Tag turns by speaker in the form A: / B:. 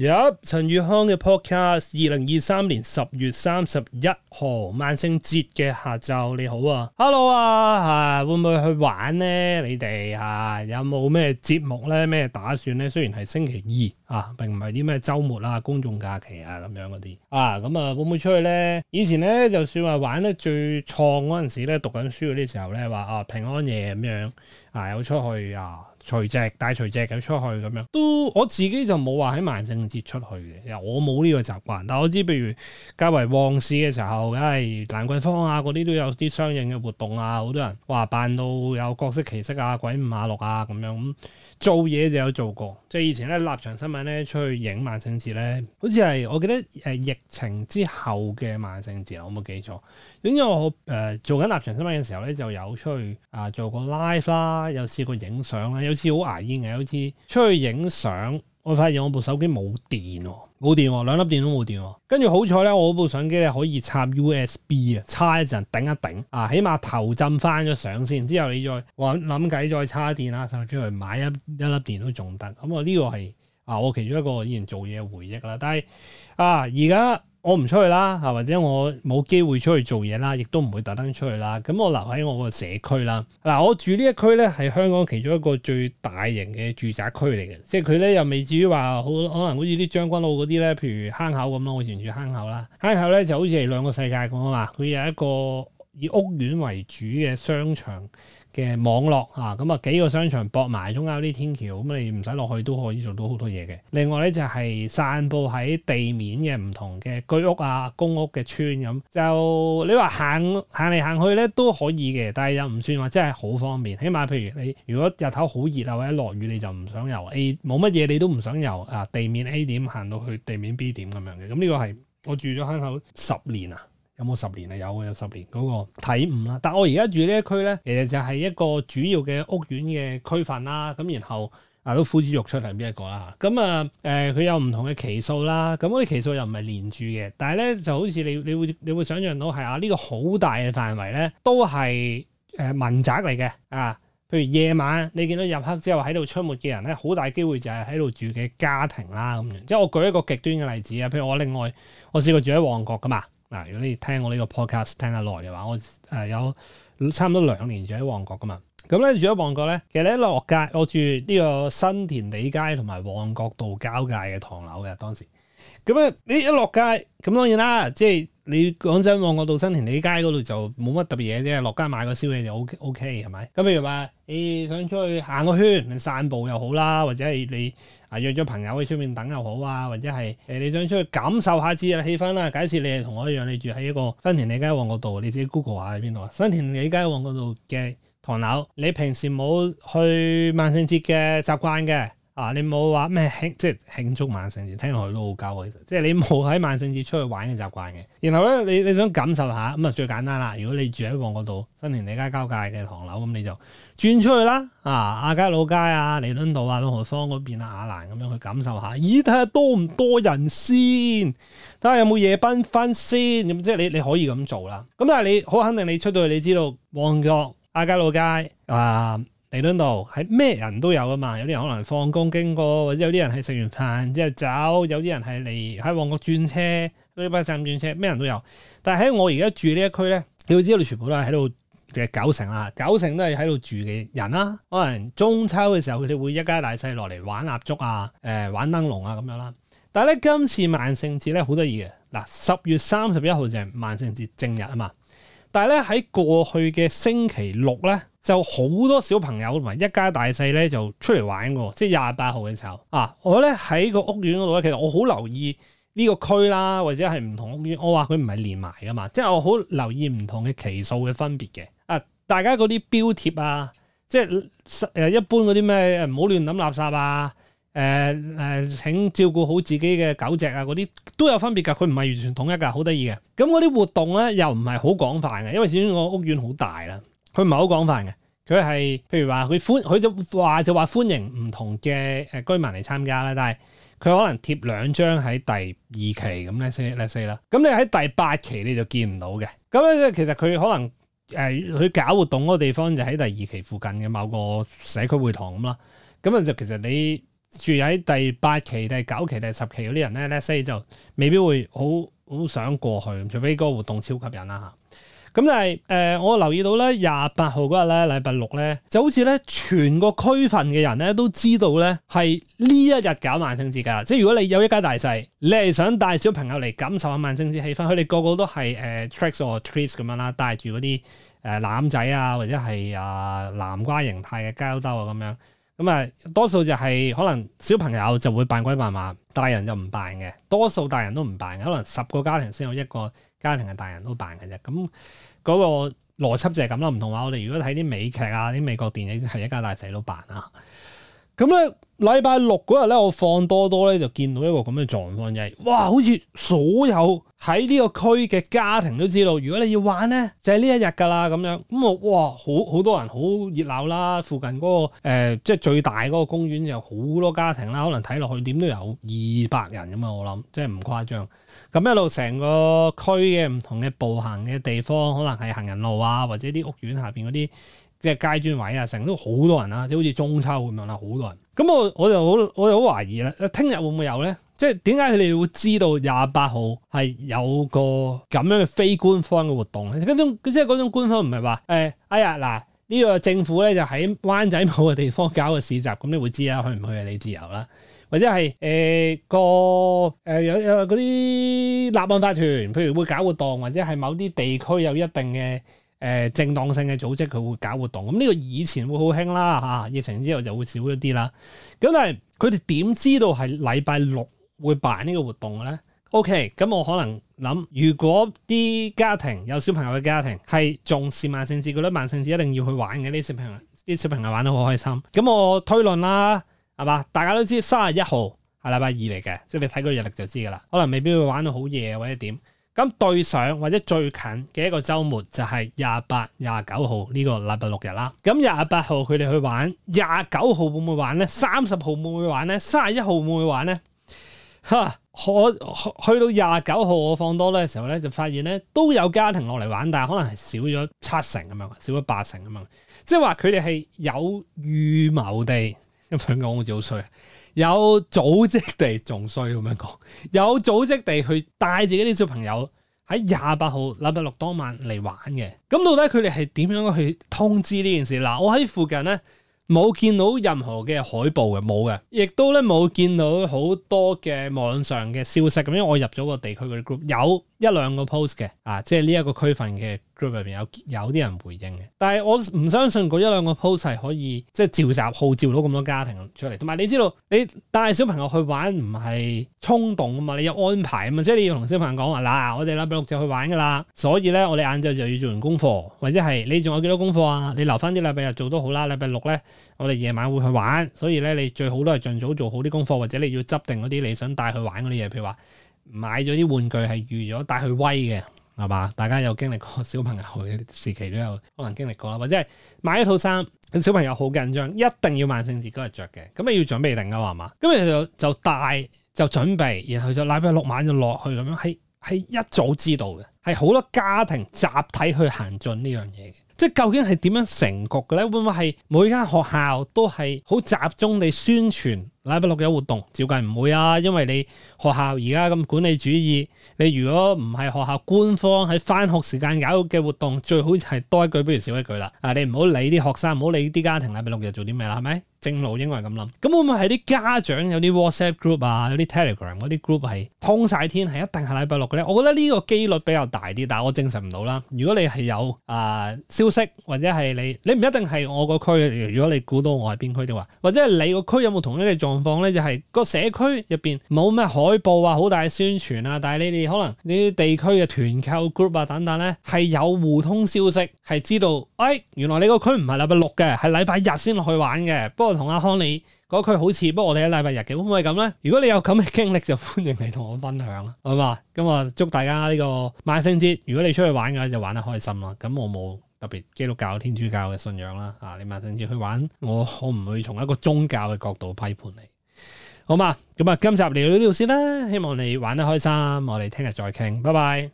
A: 入陳宇康嘅 podcast，二零二三年十月三十一號萬聖節嘅下晝，你好啊，Hello 啊，吓會唔會去玩呢？你哋啊，有冇咩節目咧？咩打算咧？雖然係星期二啊，並唔係啲咩周末啊，公眾假期啊咁樣嗰啲啊，咁啊會唔會出去咧？以前咧就算話玩得最創嗰陣時咧，讀緊書嗰啲時候咧，話啊平安夜咁樣啊有出去啊。隨值帶隨值咁出去咁樣，都我自己就冇話喺萬聖節出去嘅，我冇呢個習慣。但係我知，譬如較為旺市嘅時候，梗係蘭桂坊啊嗰啲都有啲相應嘅活動啊，好多人話扮到有各色奇色啊、鬼五馬六啊咁樣咁。做嘢就有做過，即係以前咧立場新聞咧出去影萬聖節咧，好似係我記得誒疫情之後嘅萬聖節，我冇記錯。總之我誒、呃、做緊立場新聞嘅時候咧，就有出去啊做過 live 啦，有試過影相啦，有次好牙煙嘅。有次出去影相。我發現我部手機冇電喎，冇電喎，兩粒電都冇電喎。跟住好彩咧，我部相機咧可以插 USB 啊，叉一陣頂一頂啊，起碼頭浸翻咗相先。之後你再話諗計，再叉電啊，甚至去買一一粒電都仲得。咁我呢個係啊，我其中一個以前做嘢嘅回憶啦。但係啊，而家。我唔出去啦，嚇或者我冇機會出去做嘢啦，亦都唔會特登出去啦。咁我留喺我個社區啦。嗱，我住呢一區咧，係香港其中一個最大型嘅住宅區嚟嘅，即係佢咧又未至於話好，可能好似啲將軍澳嗰啲咧，譬如坑口咁咯。我住住坑口啦，坑口咧就好似係兩個世界咁啊嘛。佢有一個以屋苑為主嘅商場嘅網絡啊，咁、嗯、啊幾個商場駁埋中間有啲天橋，咁、嗯、你唔使落去都可以做到好多嘢嘅。另外咧就係、是、散步喺地面嘅唔同嘅居屋啊、公屋嘅村咁、嗯，就你話行行嚟行去咧都可以嘅，但係又唔算話真係好方便。起碼譬如你如果日頭好熱啊或者落雨，你就唔想由 A 冇乜嘢你都唔想由啊地面 A 點行到去地面 B 點咁樣嘅。咁、嗯、呢、這個係我住咗坑口十年啊。有冇十年啊？有嘅，有十年嗰、那個體悟啦。但我而家住呢一區咧，其實就係一個主要嘅屋苑嘅區份啦。咁然後啊，都呼之欲出係邊一個啦？咁啊誒，佢、呃、有唔同嘅期數啦。咁嗰啲期數又唔係連住嘅。但係咧就好似你你會你會想象到係啊，呢、這個好大嘅範圍咧，都係誒民宅嚟嘅啊。譬如夜晚你見到入黑之後喺度出沒嘅人咧，好大機會就係喺度住嘅家庭啦咁、啊、樣。即係我舉一個極端嘅例子啊，譬如我另外我試過住喺旺角㗎嘛。嗱，如果你聽我呢個 podcast 聽得耐嘅話，我誒有差唔多兩年住喺旺角㗎嘛，咁、嗯、咧住喺旺角咧，其實咧落街我住呢個新填地街同埋旺角道交界嘅唐樓嘅當時，咁啊你一落街，咁當然啦，即係。你講真，旺角道新田里街嗰度就冇乜特別嘢啫，落街買個宵夜就 OK OK 係咪？咁譬如話，你想出去行個圈，散步又好啦，或者係你啊約咗朋友去出面等又好啊，或者係誒你想出去感受下節日氣氛啦。假設你係同我一樣，你住喺一個新田里街旺角道，你自己 Google 下喺邊度啊？新田里街旺角道嘅唐樓，你平時冇去萬聖節嘅習慣嘅。啊！你冇話咩慶，即係慶祝萬聖節，聽落去都好鳩。其實即係你冇喺萬聖節出去玩嘅習慣嘅。然後咧，你你想感受下咁啊，就最簡單啦。如果你住喺旺角度，新填地街交界嘅唐樓，咁你就轉出去啦。啊，亞皆老街啊，彌敦道啊，朗豪坊嗰邊啊，雅蘭咁樣去感受下。咦？睇下多唔多人先，睇下有冇夜繽紛先。咁即係你你可以咁做啦。咁但係你好肯定，你出到去你知道旺角亞皆老街啊。彌敦道係咩人都有噶嘛？有啲人可能放工經過，或者有啲人係食完飯之後走，有啲人係嚟喺旺角轉車，呢班三轉車咩人都有。但係喺我而家住呢一區咧，你要知道你全部都係喺度嘅九成啦，九成都係喺度住嘅人啦。可能中秋嘅時候佢哋會一家大細落嚟玩蠟燭啊、誒、呃、玩燈籠啊咁樣啦。但係咧，今次萬聖節咧，好得意嘅嗱，十月三十一號就係萬聖節正日啊嘛。但係咧喺過去嘅星期六咧。就好多小朋友同埋一家大細咧，就出嚟玩嘅，即係廿八號嘅時候啊！我咧喺個屋苑嗰度咧，其實我好留意呢個區啦，或者係唔同屋苑。我話佢唔係連埋噶嘛，即係我好留意唔同嘅期數嘅分別嘅啊！大家嗰啲標貼啊，即係誒、呃、一般嗰啲咩唔好亂抌垃圾啊，誒、呃、誒、呃，請照顧好自己嘅狗隻啊，嗰啲都有分別噶，佢唔係完全統一噶，好得意嘅。咁嗰啲活動咧又唔係好廣泛嘅，因為始終個屋苑好大啦。佢唔係好廣泛嘅，佢係譬如話佢歡，佢就話就話歡迎唔同嘅誒居民嚟參加啦。但係佢可能貼兩張喺第二期咁咧，say 咧 say 啦。咁你喺第八期你就見唔到嘅。咁咧，其實佢可能誒佢、呃、搞活動嗰個地方就喺第二期附近嘅某個社區會堂咁啦。咁啊，就其實你住喺第八期、第九期、第十期嗰啲人咧，咧所以就未必會好好想過去，除非嗰個活動超吸引啦嚇。咁但係誒、呃，我留意到咧，廿八號嗰日咧，禮拜六咧，就好似咧，全個區份嘅人咧都知道咧，係呢一日搞萬聖節噶。即係如果你有一家大細，你係想帶小朋友嚟感受下萬聖節氣氛，佢哋個個都係誒 tricks or treats 咁樣啦，帶住嗰啲誒攬仔啊，或者係啊、呃、南瓜形態嘅膠兜啊咁樣。咁、嗯、啊，多數就係、是、可能小朋友就會扮鬼扮馬，大人就唔扮嘅。多數大人都唔扮嘅，可能十個家庭先有一個。家庭嘅大人都扮嘅啫，咁、那、嗰個邏輯就係咁啦。唔同話，我哋如果睇啲美劇啊，啲美國電影係一家大細都扮啊。咁咧，禮拜六嗰日咧，我放多多咧就見到一個咁嘅狀況，就係，哇，好似所有喺呢個區嘅家庭都知道，如果你要玩咧，就係、是、呢一日噶啦咁樣。咁我，哇，好好多人好熱鬧啦。附近嗰、那個誒、呃，即係最大嗰個公園有好多家庭啦，可能睇落去點都有二百人咁啊，我諗即係唔誇張。就是咁一路成個區嘅唔同嘅步行嘅地方，可能係行人路啊，或者啲屋苑下邊嗰啲嘅街磚位啊，成都好多人啊，即係好似中秋咁樣啦，好多人。咁我我就好我就好懷疑啦，聽日會唔會有咧？即係點解佢哋會知道廿八號係有個咁樣嘅非官方嘅活動咧？嗰種即係嗰種官方唔係話誒哎呀嗱，呢、呃呢個政府咧就喺灣仔某個地方搞個市集，咁你會知啊，去唔去啊？你自由啦。或者係誒、呃、個誒有有嗰啲立案法團，譬如會搞活動，或者係某啲地區有一定嘅誒、呃、正當性嘅組織，佢會搞活動。咁、這、呢個以前會好興啦嚇，疫情之後就會少咗啲啦。咁但係佢哋點知道係禮拜六會辦呢個活動嘅咧？OK，咁我可能諗，如果啲家庭有小朋友嘅家庭係重視萬聖節，覺得萬聖節一定要去玩嘅，啲小朋友啲小朋友玩得好開心，咁我推論啦。係嘛？大家都知三十一號係禮拜二嚟嘅，即係你睇個日曆就知噶啦。可能未必會玩到好夜或者點。咁對上或者最近嘅一個周末就係廿八、廿九號呢個禮拜六日啦。咁廿八號佢哋去玩，廿九號會唔會玩咧？三十號會唔會玩咧？三十一號會唔會玩咧？吓，我去到廿九號我放多咧嘅時候咧，就發現咧都有家庭落嚟玩，但係可能係少咗七成咁樣，少咗八成咁樣，即係話佢哋係有預謀地。咁想講好似好衰，有組織地仲衰咁樣講，有組織地去帶自己啲小朋友喺廿八號禮拜六當晚嚟玩嘅，咁到底佢哋係點樣去通知呢件事？嗱，我喺附近咧冇見到任何嘅海報嘅，冇嘅，亦都咧冇見到好多嘅網上嘅消息咁，因為我入咗個地區嗰啲 group，有一兩個 post 嘅，啊，即係呢一個區份嘅。group 入邊有有啲人回應嘅，但係我唔相信嗰一兩個 post 係可以即係召集號召到咁多家庭出嚟，同埋你知道你帶小朋友去玩唔係衝動啊嘛，你有安排啊嘛，即係你要同小朋友講話嗱，我哋禮拜六就去玩噶啦，所以咧我哋晏晝就要做完功課，或者係你仲有幾多功課啊？你留翻啲禮拜日做都好啦，禮拜六咧我哋夜晚會去玩，所以咧你最好都係盡早做好啲功課，或者你要執定嗰啲你想帶去玩嗰啲嘢，譬如話買咗啲玩具係預咗帶去威嘅。係嘛？大家有經歷過小朋友嘅時期，都有可能經歷過啦。或者係買一套衫，小朋友好緊張，一定要萬聖節嗰日着嘅，咁要準備定㗎嘛，係嘛。咁就就帶，就準備，然後就禮拜六晚就落去咁樣，係係一早知道嘅，係好多家庭集體去行進呢樣嘢嘅。即係究竟係點樣成局嘅咧？會唔會係每間學校都係好集中地宣傳？禮拜六有活動，照計唔會啊，因為你學校而家咁管理主義，你如果唔係學校官方喺翻學時間搞嘅活動，最好係多一句不如少一句啦。啊，你唔好理啲學生，唔好理啲家庭禮拜六日做啲咩啦，係咪？正路應該係咁諗，咁會唔會係啲家長有啲 WhatsApp group 啊，有啲 Telegram 嗰啲 group 係通晒天，係一定係禮拜六嘅咧？我覺得呢個機率比較大啲，但我證實唔到啦。如果你係有啊、呃、消息，或者係你你唔一定係我個區，如果你估到我係邊區嘅話，或者係你個區有冇同一嘅狀況咧，就係、是、個社區入邊冇咩海報啊、好大嘅宣傳啊，但係你哋可能啲地區嘅團購 group 啊等等咧，係有互通消息，係知道，哎，原來你個區唔係禮拜六嘅，係禮拜日先落去玩嘅，不過。我同阿康你嗰句好似，不過我哋喺禮拜日嘅，會唔會咁咧？如果你有咁嘅經歷，就歡迎你同我分享啦，好嘛？咁啊，祝大家呢個萬聖節，如果你出去玩嘅話就玩得開心啦。咁我冇特別基督教、天主教嘅信仰啦，啊，你萬聖節去玩，我我唔會從一個宗教嘅角度批判你，好嘛？咁啊，今集聊到呢度先啦，希望你玩得開心，我哋聽日再傾，拜拜。